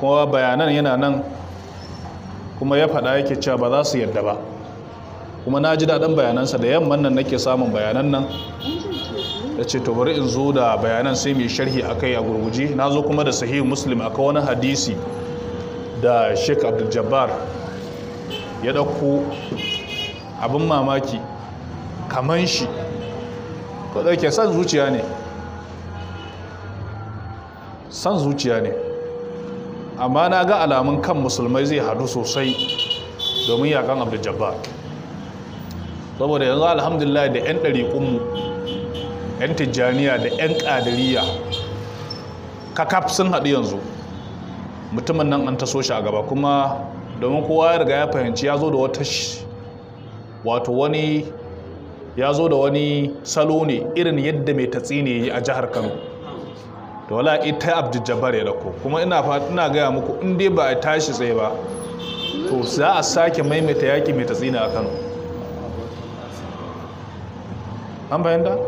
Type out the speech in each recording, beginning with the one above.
kuma bayanan yana nan kuma ya faɗa yake cewa ba za su yadda ba kuma na ji daɗin bayanansa da yamman nan nake samun bayanan nan da ce to bari in zo da bayanan sai mai sharhi a kai a gurguje na zo kuma da sahih muslim a wani hadisi da sheik abdul jabbar ya ɗauko abin mamaki kaman shi ko ɗauke san zuciya ne san zuciya ne amma na ga alamun kan musulmai zai hadu sosai domin yakan abu jabba saboda yanzu alhamdulillah da 'yan ɗariƙunmu 'yan tijjaniya da 'yan ƙadiriya kakaf sun haɗu yanzu mutumin nan an taso shi a gaba kuma domin kowa ya riga ya fahimci ya zo da wata wato wani ya zo da wani salo ne irin yadda mai tatsi ne a jihar kano da wala ita abdu jabbar ya dako kuma ina ina gaya muku in dai ba a tashi tsaye ba to za a sake maimaita yaƙi mai tatsina a kano an bayanta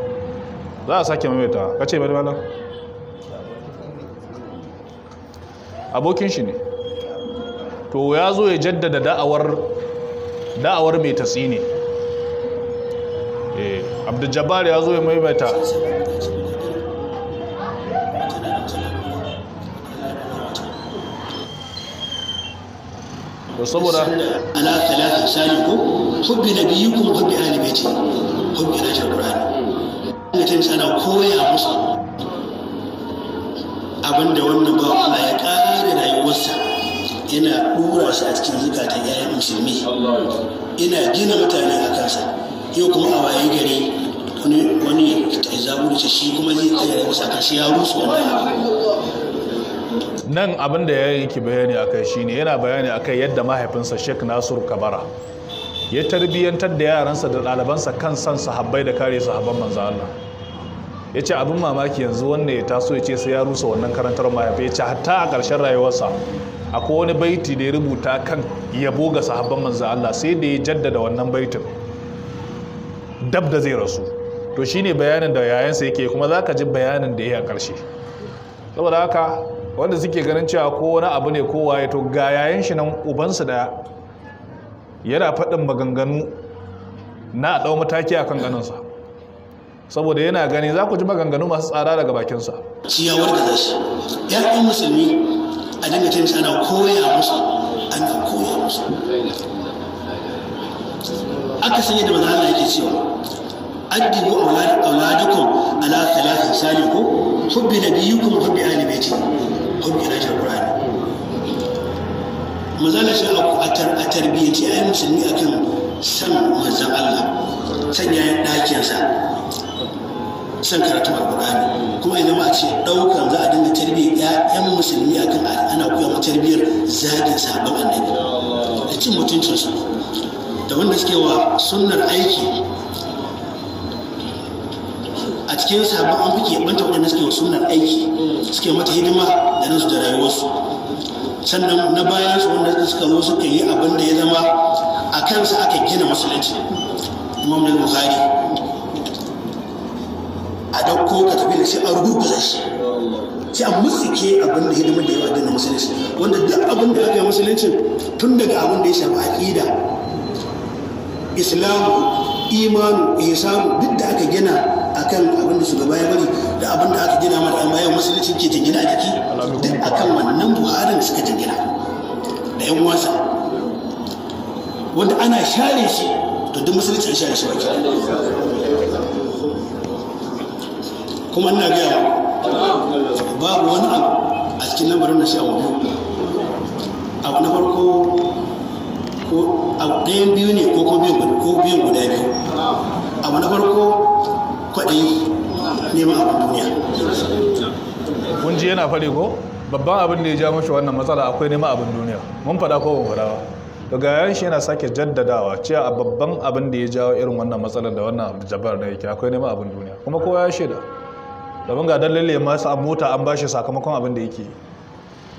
za a sake maimaita ka ce bari malam abokin shi ne to ya zo ya jaddada da'awar da'awar mai tatsi ne eh, abdu jabbar ya zo ya maimaita to saboda ala talata sani ko hubbi nabiyyikum hubbi ahli baiti hubbi na alqur'ani ne tin sana koya musu abinda wannan ba Allah ya kare rayuwarsa yana dora su a cikin zukatan yayin musulmi ina gina mutane a kansa yau kuma a waye gari wani wani ta zaburi shi kuma zai tsaya da shi ya rusu wannan nan abin da yake bayani a akai shine yana bayani a kai yadda mahaifinsa Sheikh Nasiru Kabara ya tarbiyyantar da yaransa da ɗalibansa kan san sahabbai da kare sahabban manzo Allah ya ce abin mamaki yanzu wannan ya taso ya ce sai ya rusa wannan karantar mahaifi ya ce hatta a ƙarshen rayuwarsa akwai wani baiti da ya rubuta kan yabo ga sahabban manzo Allah sai da ya jaddada wannan baitin dab da zai rasu to shine bayanin da yayansa yake kuma zaka ji bayanin da ya yi a ƙarshe saboda haka wanda suke ganin cewa ko wani abu ne kowa ya to ga yayin shi nan ubansa daya yana faɗin maganganu na a ɗau mataki a kan ganinsa saboda yana gani za ku ji maganganu masu tsada daga bakinsa ciya wanda za ya ɗan musulmi a dinga ce ana koya musu ana koya musu aka sanya da manzan yake cewa addibu auladukum ala thalathin salikum hubbi nabiyyikum hubbi ahli baiti ko mai karatun alkur'ani mazala shi a tarbiyyaci a yi musulmi akan san manzan allah san yayin ɗakinsa san karatun alkur'ani kuma ya zama ce ɗaukan za a dinga tarbiyyar 'yan musulmi akan kan ana koya tarbiyyar zagin sabon annabi da cin mutuncinsu da wanda suke wa sunnar aiki a cikin sabon an fi keɓanta waɗanda suke wa sunan aiki suke mata hidima da da rayuwarsu sannan na bayan su wanda suka zo suka yi abin da ya zama a kansu aka gina musulunci imam da buhari a dauko ka tafi da shi a rubuta shi sai a musike abin da hidimar da ya wadda na musulunci wanda duk abin da aka yi musulunci tun daga abin da ya shafi aƙida islamu imanu ya samu duk da aka gina akan abin da shugaba ya bari da abin da aka gina mata amma yau musulunci ke ta a jiki duk akan wannan buharin suka ta gina da yan wasa wanda ana share shi to duk musulunci an share shi ke kuma ina gaya babu wani abu a cikin lambarin na sha abu na farko ko ɗayan biyu ne ko ko biyun guda biyu abu na farko kwaɗayi neman abin duniya mun ji yana faɗi ko babban abin da ya ja mashi wannan matsala akwai neman abin duniya mun faɗa ko ban faɗa ba to ga yayin shi yana sake jaddadawa cewa a babban abin da ya jawo irin wannan matsalar da wannan abu jabar da yake akwai neman abin duniya kuma kowa ya shaida domin ga dalilin masa mota an bashi sakamakon abin da yake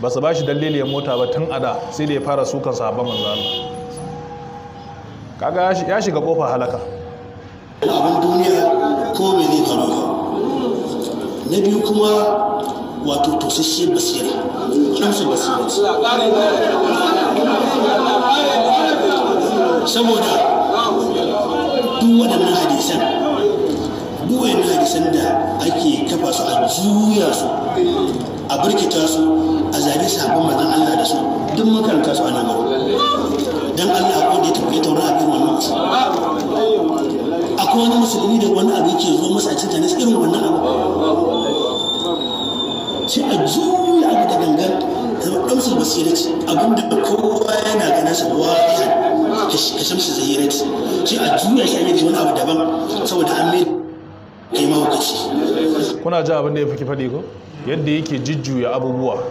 ba su bashi dalilin mota ba tun ada sai da ya fara sukan sahabban manzo Allah kaga ya shiga kofar halaka abin duniya ko me zai faru na biyu kuma wato tosashe basira kamsu basira saboda duk waɗannan hadisan duk waɗannan hadisan da ake kafa su a juya su a birkita su a zage sabon mazan Allah da su duk makaranta su ana maro dan Allah ko da ya tafi taurin abin wannan musulmi akwai wani musulmi da wani abu ke zo masa a cikin tanis irin wannan abu sai a juya abu da gangan ta ɗansu basirati abinda kowa yana ganin sa wani ka shamsu zahirati sai a juya shi a yi wani abu daban saboda an mai kai mawakaci kuna ji abin da ya fi faɗi ko yadda yake jujjuya abubuwa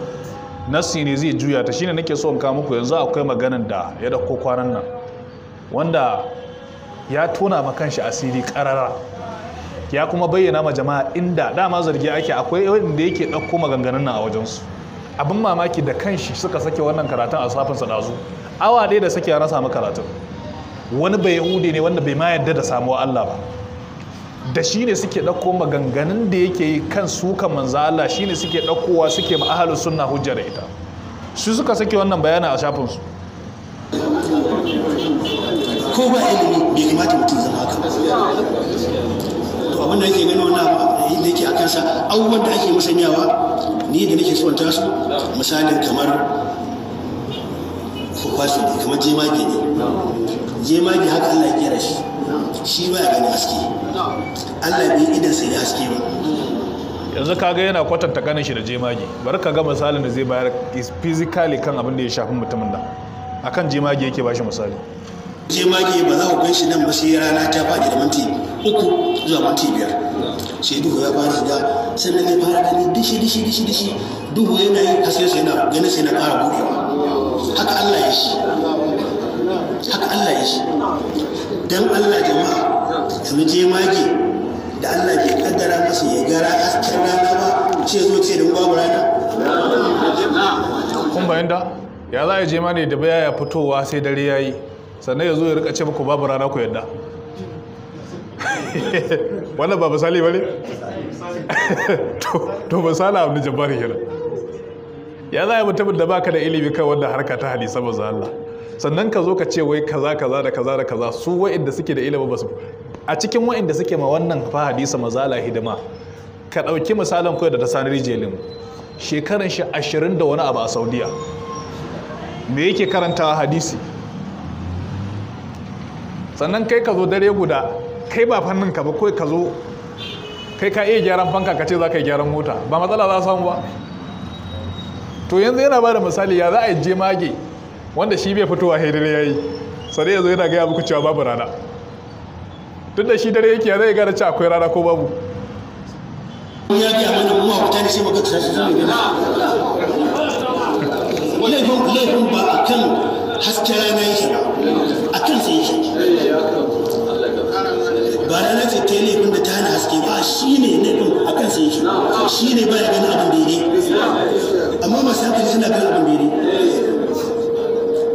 nassi ne zai juya ta shine nake so in kawo muku yanzu akwai maganan da ya dauko kwanan nan wanda ya tona ma kanshi asiri karara ya kuma bayyana ma jama'a inda dama zargi ake akwai wanda yake dauko maganganun nan a su abin mamaki da kanshi suka sake wannan karatun a safin dazu awa dai da sake na samu karatun wani bai hude ne wanda bai ma yadda da samuwa Allah ba da shi ne suke ɗauko maganganun da yake yi kan suka manzala shi ne suke ɗaukowa suke ma ahalus sunna hujjar ita su suka sake wannan bayana a shafin su ko ba ilimi bai kamata mutum zama haka to abin da yake gani wani abu da yake akan sa abubuwan da ake musanyawa ni da nake son tasu misalin kamar su kwashe ne kamar jemage ne jemage haka Allah ya kera shi shi ba ya gani haske Allah bai idan sai ya haske ba yanzu kaga yana kwatanta ganin shi da jemage bari ka ga misalin da zai bayar physically kan abin da ya shafi mutumin nan akan jemage yake bashi misali jemage ba za ku gan shi nan ba sai rana ta faɗi da minti uku zuwa minti biyar sai duhu ya fara shiga sannan ya fara gani dishi dishi dishi dishi duhu yana yi haske sai yana ganin sai na ƙara buɗewa haka Allah ya shi haka Allah ya shi don Allah jama'a yanzu je mage da Allah bai kaddara masa ya gara hasken rana ba ce zo ce don babu rana kun bayanta ya za a je ma ne da baya ya fitowa sai dare ya yi sannan ya zo ya rika ce muku babu rana ku yadda wannan ba misali ba ne? to misali abu da jabari kenan ya za a mutumin da baka da ilimi kan wannan harka ta hadisa manzo Allah sannan ka zo ka ce wai kaza kaza da kaza da kaza su wa'inda suke da ilimi ba su a cikin wa'inda suke ma wannan fa hadisa manzo Allah hidima ka ɗauki misalin koyar da ta sani rijelin shekaran shi ashirin da wani abu a saudiya me yake karantawa hadisi sannan kai ka zo dare guda kai ba fannin ka ba kawai ka zo kai ka iya gyaran fanka ka ce za ka yi gyaran mota ba matsala za samu ba to yanzu yana ba da misali ya za a je mage wanda shi bai fitowa sai dare yayi sai yanzu yana gaya muku cewa babu rana duk da shi dare yake ya zai gane cewa akwai rana ko babu ya biya mana mu wuta ne sai muka tashi zuwa gida laifin laifin ba akan hasken rana yake ba akan sai yake ba rana ce ta laifin da ta hana haske ba shi ne laifin a kan kansa yake shi ne ba ya gani abin daidai amma masu yankin suna kan abin daidai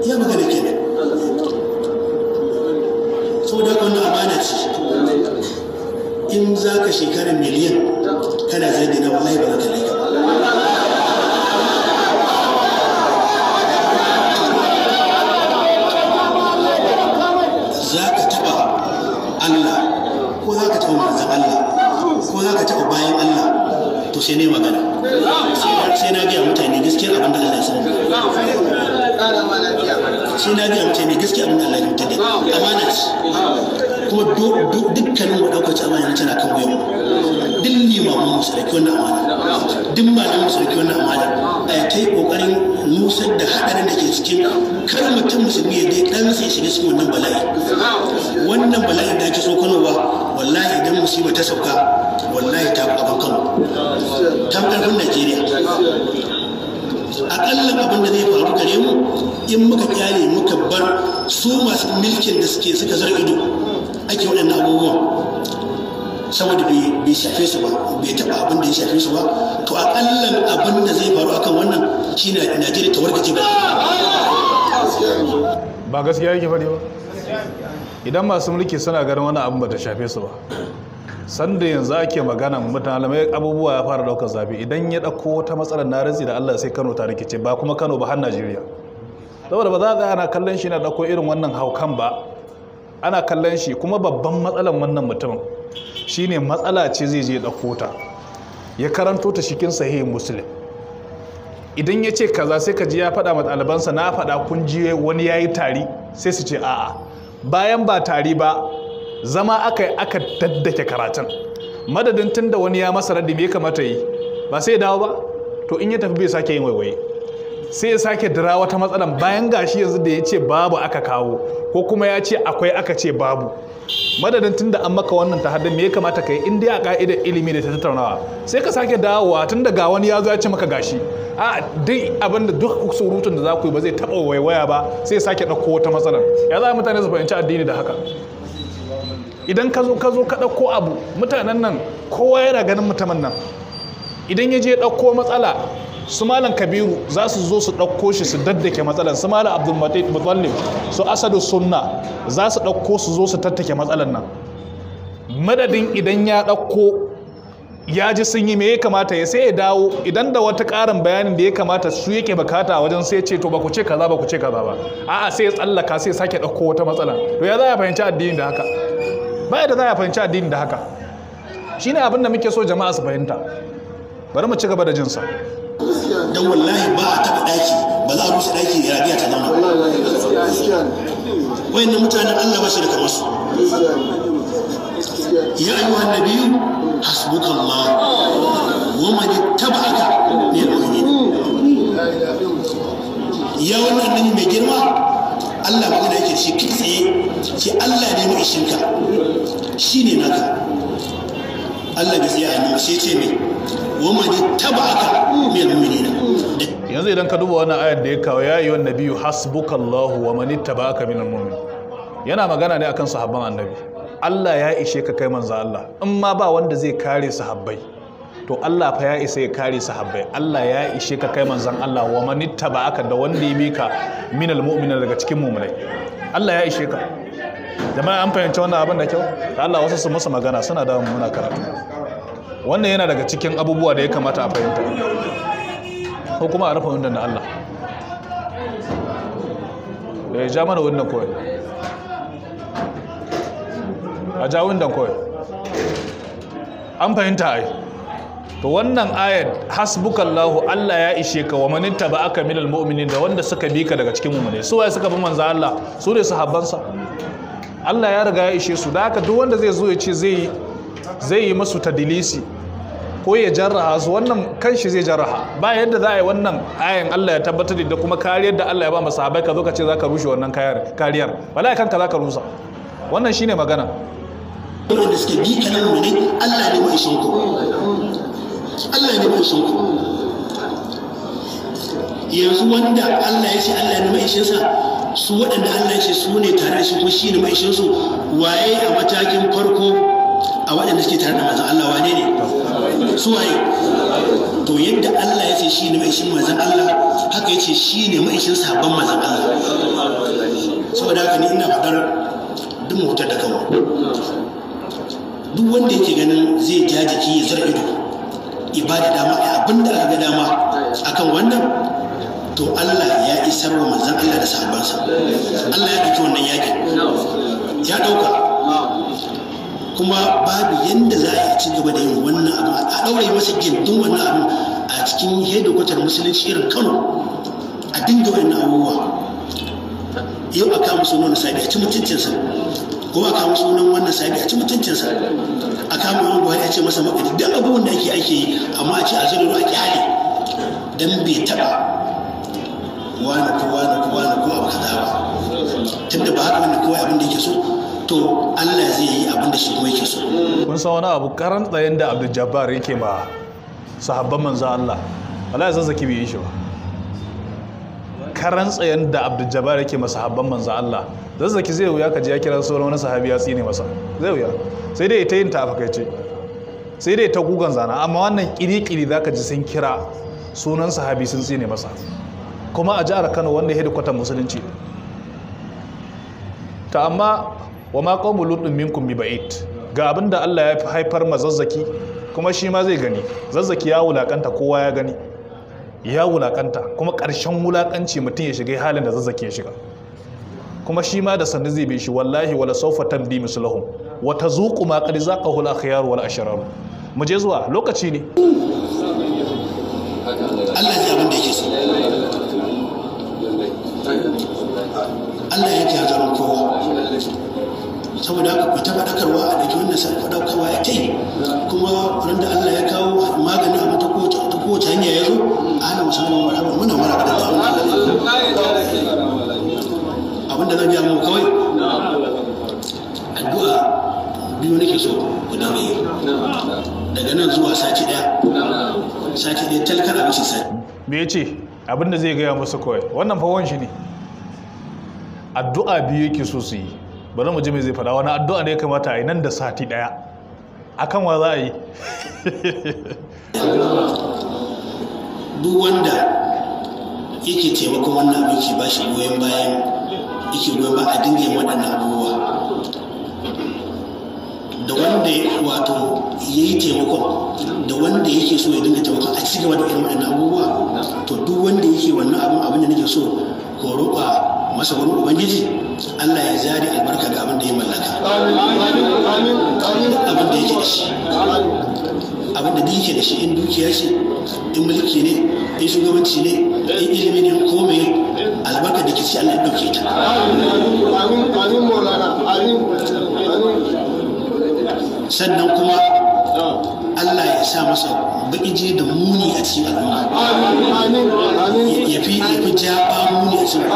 iya magana ke nan saboda haka wannan amana ce in za ka shekarar miliyan kana zai na wallahi ba ka laika Allah ko za ka taɓa manzan Allah ko za ka taɓa bayan Allah to sai ne magana abin da Allah ya sanar sai na ga mutum mai gaskiya abin da Allah ya mutum da amana ce kuma dukkanin mu ɗaukaci amana tana kan wayan duk limamin mu sarki wannan amana duk malamin mu sarki wannan amana a ta yi ƙoƙarin nusar da haɗarin da ke cikin kar mutum musulmi ya dai ɗansa ya shiga cikin wannan bala'i wannan bala'in da ake tsokanowa wallahi idan musiba ta sauka wallahi ta abin kano ta ƙarfin najeriya aƙallan abin da zai faru gare mu in muka kyale muka bar su masu milkin da suke suka zar ido ake waɗannan abubuwan saboda bai shafe su ba bai taɓa abin da ya shafe su ba to aƙallan abin da zai faru akan wannan shi na najeriya ta warkace ba ba gaskiya yake faɗi ba idan masu mulki suna ganin wani abin ba ta shafe su ba sanda yanzu ake magana mutane abubuwa ya fara daukar zafi idan ya dauko wata matsalar na razi da Allah sai Kano ta rikice ba kuma Kano ba har Najeriya saboda ba za ka ana kallon shi na dauko irin wannan haukan ba ana kallon shi kuma babban matsalar wannan mutumin shine matsala ce zai je dauko ta ya karanto ta cikin sahihin muslim idan ya ce kaza sai ka ji ya faɗa ɗalibansa na faɗa kun ji wani yayi tari sai su ce a'a bayan ba tari ba zama aka aka daddake karatun madadin tun da wani ya masa raddi me kamata yi ba sai dawo ba to in ya tafi bai sake yin waiwaye sai ya sake dira wata matsalan bayan gashi yanzu da ya ce babu aka kawo ko kuma ya ce akwai aka ce babu madadin tun da an maka wannan ta me ya kamata ka yi in dai a ka'idar ilimi da ta tattaunawa sai ka sake dawowa tun da ga wani ya zo ya ce maka gashi a duk abin da duk surutun da za ku yi ba zai taɓa waiwaya ba sai sake ɗauko wata matsalar ya za mutane su fahimci addini da haka idan ka zo ka zo ka ɗauko abu mutanen nan kowa yana ganin mutumin nan idan ya je ɗauko matsala su malam kabiru za su zo su ɗauko shi su daddake matsalan su malam abdulmutallib su asadu sunna za su ɗauko su zo su tattake matsalan nan madadin idan ya ɗauko ya ji sun yi me ya kamata ya sai ya dawo idan da wata ƙarin bayanin da ya kamata su yake bukata wajen sai ce to ba ku ce kaza ba ku ce kaza ba a'a sai ya tsallaka sai ya sake ɗauko wata matsala to ya za a fahimci addini da haka ba da za a fahimci addini da haka shine abin da muke so jama'a su fahimta bari mu ci gaba da jinsa Don wallahi ba a taba daki ba za a rushe daki ya rabiya ta zama wayannan mutanen Allah ba shi da kamar su ya ayyuhan nabiyyu hasbukallah wa man ittaba'aka ne al-mu'minin ya wannan nan mai girma Allah da yake shi kai tsaye ce Allah ne ma'ishinka shi ne naka Allah bai tsaye a shi ce ne wa mani tabaka min mu'minina yanzu idan ka duba wannan ayar da ya kawo ya yi wa nabiyu hasbukallahu wa mani taba'aka min mu'min yana magana ne akan sahabban annabi Allah ya ishe ka kai manzo Allah in ma ba wanda zai kare sahabbai to Allah fa ya isa ya kare sahabbai Allah ya ishe ka kai manzon Allah wa man aka da wanda ya bika min almu'mina daga cikin mu'minai Allah ya ishe ka jama'a an fahimci wannan abin da kyau Allah wasu su musu magana suna da muna karatu wannan yana daga cikin abubuwa da ya kamata a fahimta ko kuma a rufe wannan da Allah Da ya ja mana wannan koyi a ja wannan koyi an fahimta ai to wannan ayat hasbukallahu Allah ya ishe ka wa manin taba aka minal mu'minin da wanda suka bi ka daga cikin mu'mine su waye suka bi manzo Allah su ne sa Allah ya riga ya ishe su da haka duk wanda zai zo ya ce zai zai yi musu tadilisi ko ya jarraha su wannan kanshi zai jarraha ba yadda za a yi wannan ayan Allah ya tabbatar da kuma kariyar da Allah ya ba masa sahabbai ka zo ka ce za ka rushe wannan kariyar wallahi kanka za ka rusa wannan shine magana Allah ne Allah ne kushin ku yanzu wanda Allah ya ce Allah ne shinsa su waɗanda Allah ya ce su ne tare shi ko shi ne shinsu waye a matakin farko a waɗanda suke tare da mazan Allah wane ne su waye to yadda Allah ya ce shi ne ma'ishin mazan Allah haka ya ce shi ne ma'ishin sabon mazan Allah saboda haka ni ina faɗar duk mutar da kawo duk wanda yake ganin zai jajiki ya zarge duk ibada dama ya abin da ga dama akan wannan to Allah ya isar wa manzon Allah da sahabbansa Allah ya ɗauki wannan yakin ya ɗauka kuma babu yadda za a ci gaba da yin wannan abu a ɗaure masa gindin wannan abu a cikin kwatar musulunci irin kano a dinga wannan abubuwa yau a kama sunan sabi a ci mutuncinsa ko ka musu sunan wannan sabi a ci mutuncinsa a kama yawan buhari a ce masa makadi duk abubuwan da ake ake yi amma a ce a zuru a kyale dan bai taba wani ko wani ko wani ko abu kaza ba tunda ba haka wani kowa abin da yake so to Allah zai yi abin da shi kuma yake so kun san wani abu karan tsayen da Abdul Jabbar yake ma sahabban manzo Allah Allah ya zazzaki bai yi shi ba karan tsayen da abdul jabbar yake masahabban manzo Allah zazzaki zai wuya ka je ya kira sauran wani sahabi ya tsine masa zai wuya sai dai ita yin ta afakaice sai dai ta gugan zana amma wannan kirikiri zaka ji sun kira sunan sahabi sun tsine masa kuma a jihar Kano wanda hedikwatar musulunci ta amma wa ma qawmu lutum minkum bi ba'id ga abin da Allah ya haifar mazazzaki kuma shi ma zai gani zazzaki ya wulakanta kowa ya gani ya wulakanta kuma ƙarshen wulakanci mutum ya shiga halin da zazzake ya shiga kuma shi ma da sannu zai bai shi wallahi wala musu tamdi wata zuƙu maƙari ma qad hula al akhyar wal ashrar mu je zuwa lokaci ne Allah ya abin da yake so Allah ya ji hadarin kowa saboda haka kwata ta faɗakarwa a daga wannan sarfa faɗakarwa ya kai kuma sake ɗaya talkar a sai me ya ce abin da zai gaya musu kawai wannan fawon shi ne addu'a biyu yake so su yi bari mu ji mai zai faɗa wani addu'a ne ya kamata a yi nan da sati ɗaya akan wa za a yi duk wanda yake taimakon wannan abin ke ba shi goyon bayan yake goyon ba a dinga waɗannan abubuwa da wanda wato ya yi taimakon da wanda yake so ya dinga taimakon a ci gaba da irin waɗannan abubuwa to duk wanda yake wannan abin abin da nake so ko roƙa masa wani ubangiji Allah ya zari albarka ga abin da ya mallaka abin da yake da shi abin da duk yake da shi in dukiya ce in mulki ne in shugabanci ne in ilimi ne ko me albarka da ke ci Allah ya dauke ta sannan kuma Allah ya sa masa bakije da muni a cikin al'umma ya fi ya fi jaba muni a cikin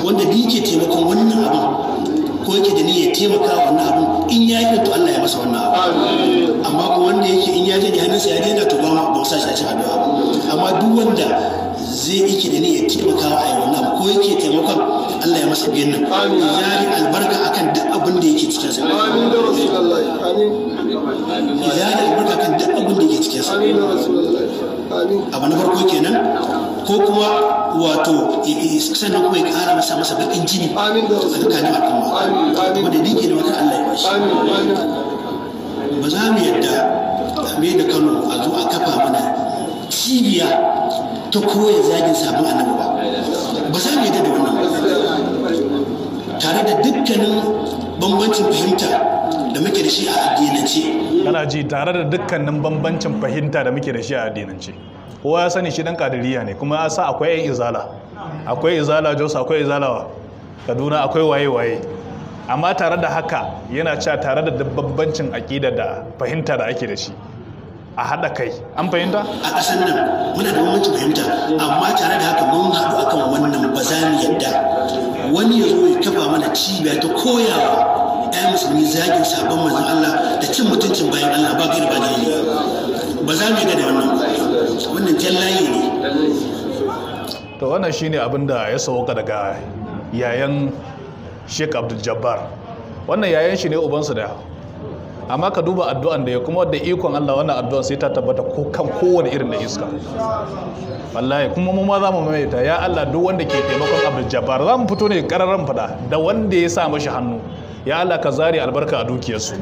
wanda bi ke taimakon wannan abin ko yake da niyyar taimaka wannan abin in ya yi to Allah ya masa wannan abin amma ko wanda yake in ya je da hannunsa ya daina to ba ma ba sa shi a cikin addu'a amma duk wanda zai yake da niyyar taimaka a yi wannan ko yake taimakon Allah ya masa gina ya yi albarka akan duk abin da yake cikin sa da ya yi albarka akan duk abin da yake cikin sa a da abu na farko kenan ko kuma wato sannan kuma ya kara masa masa bakin jini a da al'umma amin amin dike da wata Allah ya ba shi ba za mu yadda me da Kano a zo a kafa mana cibiya ta koya zagin sabon annabi ba ba za ne da wannan tare da dukkanin bambancin fahimta da muke da shi a addinance kana ji tare da dukkanin bambancin fahimta da muke da shi a addinance kowa ya sani shi dan kadiriya ne kuma ya sa akwai yan izala akwai izala jos akwai izala kaduna akwai waye waye amma tare da haka yana cewa tare da bambancin aƙida da fahimta da ake da shi a haɗa kai an fahimta a ƙasar nan muna da bambancin fahimta amma tare da haka mun haɗu akan wannan ba za mu yadda wani ya zo ya kafa mana cibiya ta koyawa ɗaya musulmi zagin sabon manzon Allah da cin mutuncin bayan Allah ba gari ba gari ba za mu yadda da wannan wannan jallaye ne to wannan shine abin da ya sauka daga yayan Sheikh Abdul Jabbar wannan yayan shi ne ubansu da amma ka duba addu'an da ya kuma da ikon Allah wannan addu'an sai ta tabbata ko kan kowane irin da iska wallahi kuma mu ma za mu maimaita ya Allah duk wanda ke taimakon Abdul Jabbar za mu fito ne kararan fada da wanda ya sa mashi hannu ya Allah ka zare albarka a dukiyarsu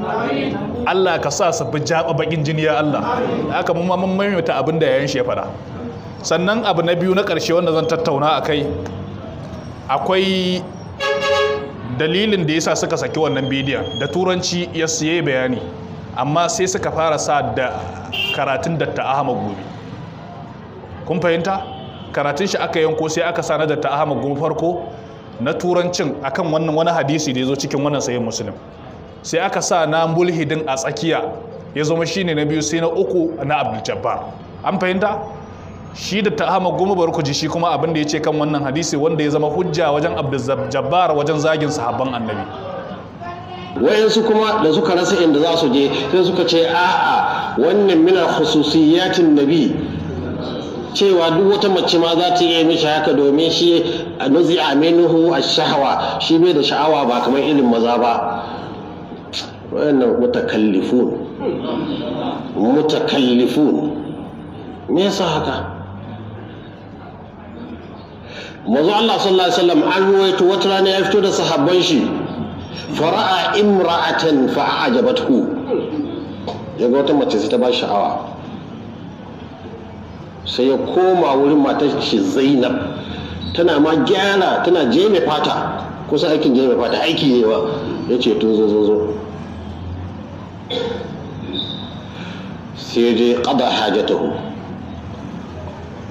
Allah ka sa su bi jaba bakin jini ya Allah haka mu ma mun maimaita abin da yayin shi ya fada sannan abu na biyu na karshe wanda zan tattauna a akwai dalilin da yasa suka saki wannan bidiyon da turanci ya siye bayani amma sai suka fara sa da karatun datta ahmad gobe kun fahimta karatun shi aka yanko sai aka sa na datta ahmad gobe farko na turancin akan wannan wani hadisi da ya zo cikin wannan sayin musulun sai aka sa na mulhidin a tsakiya ya zama shine na biyu sai na uku na abdul jabbar an fahimta shi da ta'ama goma bari ku ji shi kuma abin da ya ce kan wannan hadisi wanda ya zama hujja wajen jabbar wajen zagin sahabban annabi wayansu kuma da suka rasa inda za su je sai suka ce a'a wannan mina khususiyatin nabi cewa duk wata mace ma za ta iya mishi haka domin shi a nuzi aminuhu a shahwa shi bai da sha'awa ba kamar irin maza ba wayannan mutakallifun mutakallifun me yasa haka manzo Allah sallallahu alaihi wasallam an ruwaito wata rana ya fito da sahabban shi fara'a imra'atan Ya yaga wata mace sai ta ba sha'awa sai ya koma wurin matar shi Zainab tana ma gyara tana jeme fata kusa aikin jeme fata aiki ne ba ya ce to zo zo zo sai dai qada hajatahu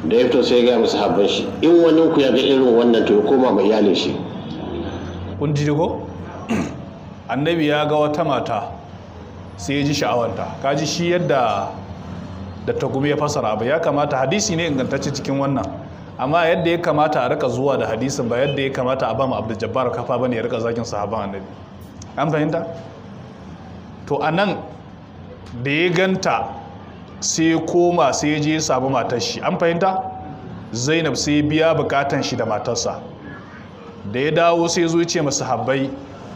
da ya fito sai ya musu habban shi in wani ku ya ga irin wannan to ya koma mai iyalin shi kun ji ko annabi ya ga wata mata sai ya ji sha'awanta kaji shi yadda da tagumi ya fasara abu ya kamata hadisi ne ingantacce cikin wannan amma yadda ya kamata a rika zuwa da hadisin ba yadda ya kamata a ba mu abdu jabbar kafa bane ya rika zakin sahaban annabi an fahimta to anan da ya ganta sai koma sai je ya samu matar shi an fahimta zainab sai biya bukatan shi da matarsa da ya dawo sai zo ce masa habbai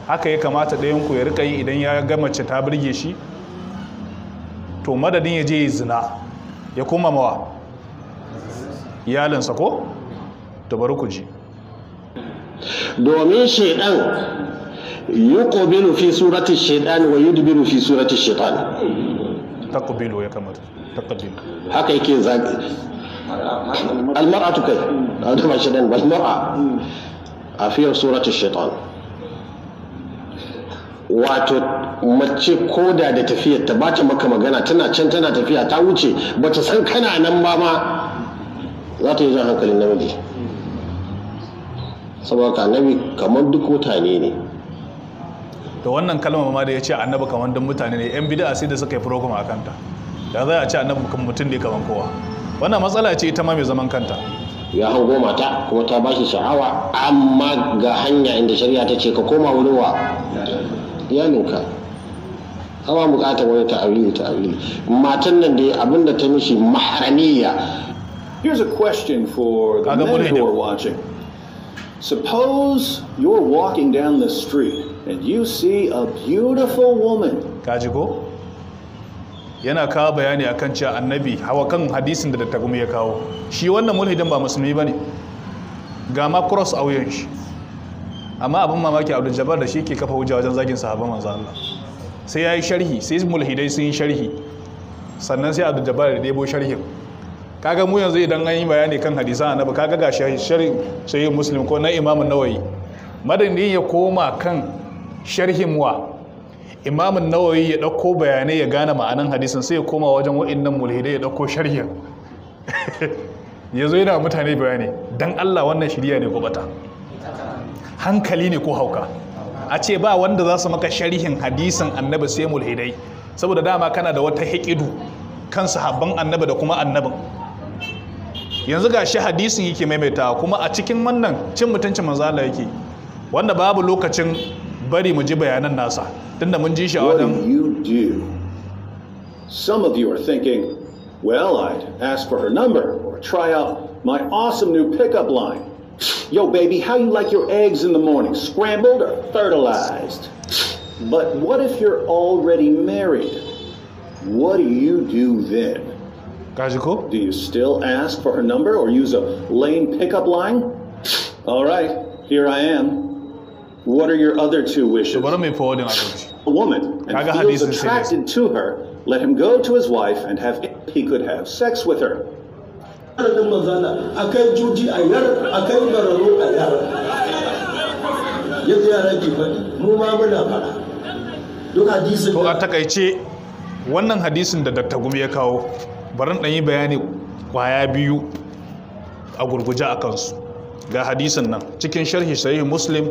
haka ya kamata ɗayan ku ya rika yi idan ya ga mace ta birge shi to madadin ya je ya zina ya koma mawa iyalinsa ko da bari ku ji domin shaidan ƙobinu fi surati shaidan wa dubinu fi surati shaitan taqbilu ya kamata taqbilu haka yake almar'a almar'atu kai a ba shaitan a fiye suratul shaitan wato mace koda da tafiyar ta bace maka magana tana can tana tafiya ta wuce bata san kana nan ba ma za ta yi jan hankalin namiji saboda annabi kamar duk mutane ne da wannan kalmar ma da ya ce annabi kamar don mutane ne yan bid'a sai da suka yi program a kanta da za a ce annabi kan mutum ne kamar kowa wannan matsala ce ita ma mai zaman kanta ya hau goma ta, kuma ta bashi sha'awa amma ga hanya inda shari'a ta ce ka koma wurin wa nuka hawa bukatar wani ta'awili ta'awili matan nan dai da ta mishi maharaniya Here's a question for the men who are watching. Suppose you're walking down the street and you see a beautiful woman kajigo yana kawo bayani akan cewa annabi hawa kan hadisin da dattagumi ya kawo shi wannan mulhidin ba musulmi bane ga ma cross a wuyan shi amma abin mamaki abdul jabbar da shi ke kafa hujja wajen zagin sahabban manzo Allah sai yayi sharhi sai mulhidai sun yi sharhi sannan sai abdul jabbar da debo sharhin kaga mu yanzu idan an yi bayani kan hadisan annabi kaga ga sharhin sai muslim ko na imamu nawayi Madani ya koma kan sharhin wa imamun nawayi ya ɗauko bayanai ya gane ma'anan hadisin sai ya koma wajen wa'innan mulhidai ya ɗauko sharhin ya zo yana mutane bayani don allah wannan shirya ne bata hankali ne ko hauka a ce ba wanda za su maka sharhin hadisin annabi sai mulhidai saboda dama kana da wata hikidu kan sahabban annabi da kuma annabin yanzu ga shi hadisin yake maimaitawa kuma a cikin wannan cin mutuncin manzala yake wanda babu lokacin bari mu ji bayanan nasa tunda mun ji shi a wajen you do some of you are thinking well I'd ask for her number or try out my awesome new pickup line yo baby how you like your eggs in the morning scrambled or fertilized but what if you're already married what do you do then Kazuko? Do you still ask for her number or use a lame pickup line? All right, here I am. What are your other two wishes? A woman, and feels attracted to her, let him go to his wife and have he could have sex with her. To a takaice wannan hadisin da Dr. Gumi ya kawo barin ɗanyi bayani kwaya biyu a gurguje a kansu ga hadisin nan cikin sharhi sahih Muslim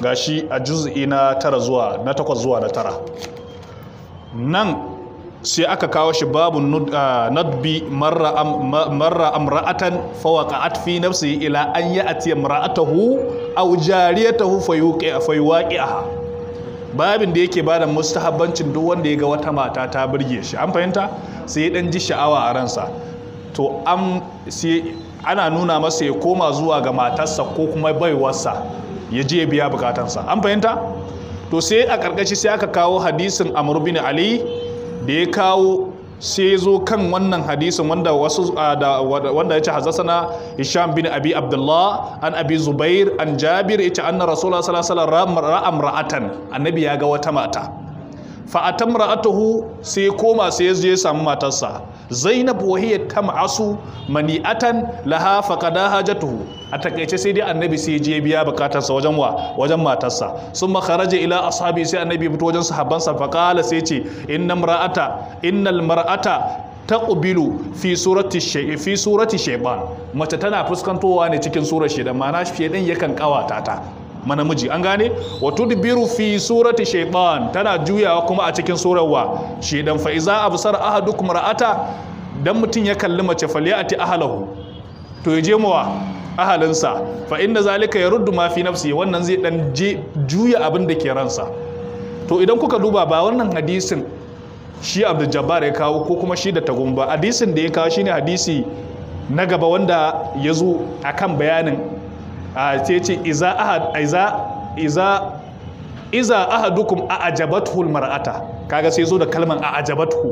gashi a juz'i na tara zuwa na takwas zuwa na tara nan sai aka kawo shi babu ah, nadbi marra amra'atan fawaqa'at fi nafsihi ila an yi ya'ti imra'atahu a jariyatahu aha babin da yake bada mustahabbancin duk wanda ya ga wata mata ta birge shi an fahimta sai dan ji sha'awa a ransa to an ana nuna masa ya koma zuwa ga matarsa ko kuma baiwarsa ya je biya bukatansa an fahimta to sai a karkashi sai aka kawo hadisin amr bin ali da ya kawo sai zo kan wannan hadisin wanda wasu wanda ya ce hazasana hisham bin abi abdullah an abi zubair an jabir ya ce anna rasulullah sallallahu alaihi wasallam annabi ya ga wata mata fa'atan atamra'atuhu sai koma sai ya je samu matarsa zainab wa hiya tam'asu mani'atan laha faqada hajatuhu a takaice sai dai annabi sai je biya bukatarsa wajen wa wajen matarsa sun makaraje ila ashabi sai annabi fito wajen sahabbansa fa qala sai ce inna mar'ata innal mar'ata taqubilu fi surati shay'i fi surati shayban mace tana fuskantowa ne cikin surar mana ma'ana shaydan yakan kawata ta manamiji an gane da biru fi surati shaytan tana juyawa kuma a cikin surarwa wa shedan fa iza absar ahadukum ra'ata dan mutun ya kalli mace falyati ahlahu to yaje mawa ahalinsa fa inna zalika ya ma fi nafsi wannan zai dan juya abin da ke ransa to idan kuka duba ba wannan hadisin shi abdul jabbar ya kawo ko kuma shi da tagumba hadisin da ya kawo shine hadisi na gaba wanda ya zo akan bayanin a ce ce iza ahad iza iza iza ahadukum kaga sai zo da kalman a'jabathu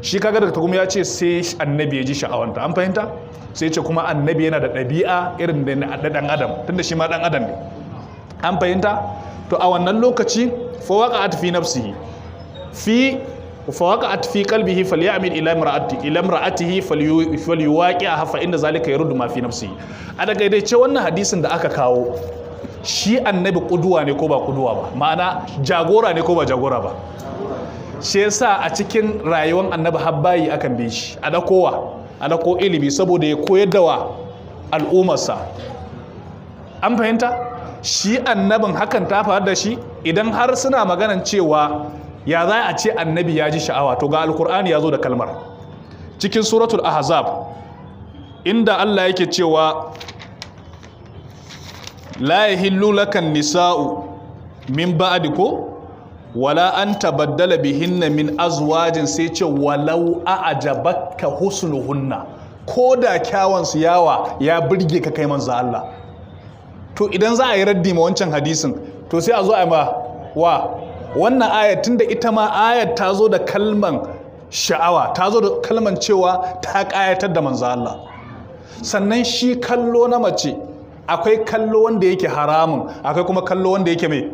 shi kaga daga kuma ya ce sai annabi ya ji sha'awanta an fahimta sai ce kuma annabi yana da ɗabi'a irin da na ɗan adam tunda shi ma ɗan adam ne an fahimta to a wannan lokaci fa waqa'at fi nafsihi fi فوقعت في قلبه فليعمل a امراته الى امراته فليواقعها فان ذلك يرد ما في نفسه a daga dai ce wannan hadisin da aka kawo shi annabi kuduwa ne ko ba kuduwa ba ma'ana jagora ne ko ba jagora ba shi yasa a cikin rayuwar annabi habbayi akan bi shi a dakowa a dako ilimi saboda ya koyar da wa al'ummarsa an fahimta shi annabin hakan ta faru da shi idan har suna maganan cewa ya za a ce annabi ya ji sha'awa to ga alkur'ani ya zo da kalmar cikin suratul ahzab inda Allah yake cewa la yahillu lakan nisa'u min ba'di ko wala an tabaddala bihinna min azwajin sai ce walau a'jabaka husnuhunna ko da kyawun su yawa ya birge ka kai manzo Allah to idan za a yi raddi ma wancan hadisin to sai a zo a ma wa wannan ayat tunda ita ma ayat ta zo da kalman sha'awa ta zo da kalman cewa ta ƙayatar da manzo Allah sannan shi kallo na mace akwai kallo wanda yake haramun akwai kuma kallo wanda yake mai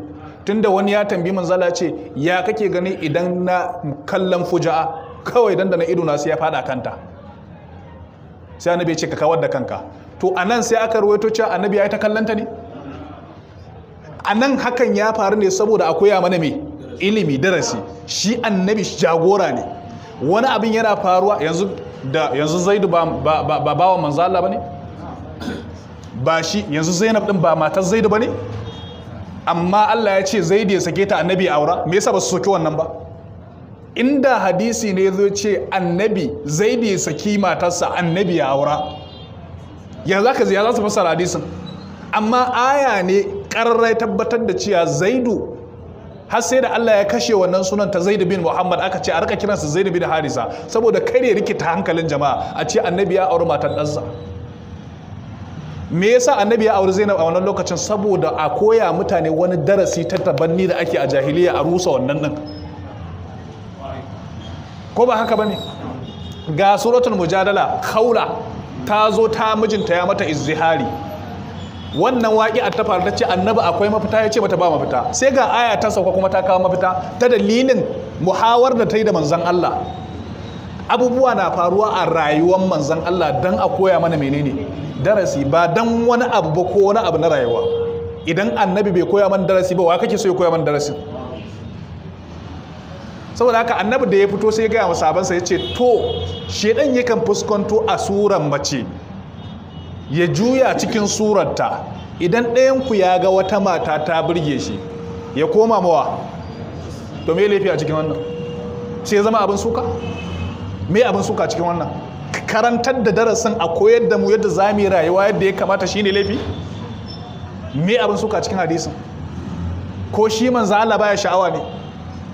tunda wani ya tambi Allah ce ya kake gani idan na kallon fuja'a kawai dan da na ido na sai ya fada kanta sai annabi ya ce ka kawar da kanka to anan sai aka rawaito cewa annabi ya yi ta kallanta ne anan hakan ya faru ne saboda akwai ya mana mai ilimi darasi shi annabi jagora ne wani abin yana faruwa yanzu da yanzu zaidu ba ba bawa manzo Allah bane ba shi yanzu Zainab din ba matar Zaidu bane amma Allah ya ce Zaidu ya sake ta annabi aura me yasa ba su soke wannan ba inda hadisi ne zai ce annabi Zaidu ya saki matarsa annabi ya aura yanzu aka ziyara su fasa hadisin amma aya ne karrai tabbatar da cewa Zaidu har sai da Allah ya kashe wannan sunan ta Zaid bin Muhammad aka ce a rika kiransa Zaid bin Harisa saboda kar ya rikita hankalin jama'a a ce annabi ya auri matan ɗansa me yasa annabi ya auri Zainab a wannan lokacin saboda a koya mutane wani darasi ta tabanni da ake a jahiliya a rusa wannan din ko ba haka bane ga suratul mujadala kaula ta zo ta mijinta ya mata izhari wannan waƙi a ta faru ta ce annabi akwai mafita ya ce mata ba mafita sai ga aya ta sauka kuma ta kawo mafita ta dalilin muhawar da ta yi da manzan Allah abubuwa na faruwa a rayuwar manzan Allah don a koya mana menene darasi ba don wani abu ba ko wani abu na rayuwa idan annabi bai koya mana darasi ba wa kake so ya koya mana darasi saboda haka annabi da ya fito sai ya gaya masabansa sabansa ya ce to shedan yakan fuskanto a suran mace ya juya cikin surarta idan ɗayanku ya ga wata mata ta birge shi ya koma mawa to me laifi a cikin wannan sai zama abin suka me abin suka cikin wannan karantar da darasin a koyar da mu yadda za mu yi rayuwa yadda ya kamata shi ne laifi me abin suka cikin hadisin ko shi manzo Allah baya sha'awa ne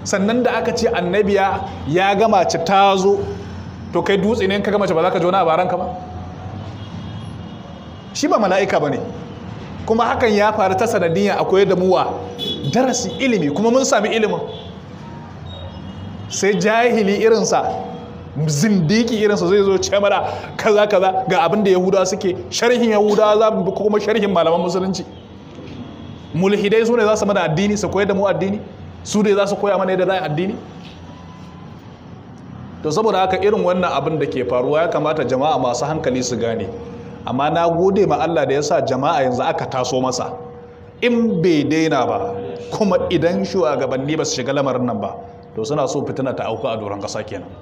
sannan da aka ce annabiya ya gama ci ta zo to kai dutse ne ka gama ci ba za ka jona a baranka ba shi ba mala'ika ba ne kuma hakan ya faru ta sanadiyar akwai da muwa darasi ilimi kuma mun sami ilimin sai jahili irinsa zindiki irinsa zai zo ce mara kaza kaza ga abin da yahudawa suke sharhin yahudawa za mu kuma sharhin malaman musulunci mulhidai su ne za su mana addini su koyar da mu addini su ne za su koya mana yadda za a addini to saboda haka irin wannan abin da ke faruwa ya kamata jama'a masu hankali su gane amma na gode ma Allah da ya sa jama'a yanzu aka taso masa in bai daina ba kuma idan shugabanni ba su shiga lamarin nan ba to suna so fitina ta auku a doron kasa kenan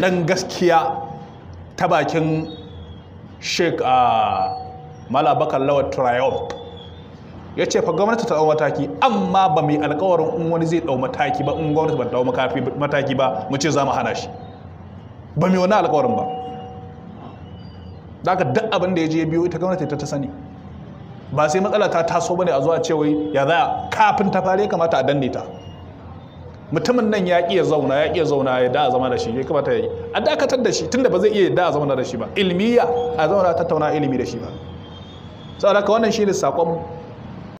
dan gaskiya ta bakin sheik a ah, malabakan lawar triumph ya ce fa gwamnati ta ɗau mataki amma ba mai alkawarin in wani zai ɗau mataki ba in gwamnati ba ta ɗau mataki ba mu ce za mu hana shi ba mai wani alkawarin ba Da ka duk abin da ya je ya biyo ita gwamnati ta ta sani ba sai matsala ta taso bane a zuwa cewa ya za kafin ta fare kamata a danne ta mutumin nan ya iya zauna ya iya zauna ya da a zama da shi ya kamata ya yi a dakatar da shi tunda ba zai iya da a zama da shi ba ilmiya a zauna tattauna ilimi da shi ba saboda haka wannan shine sakon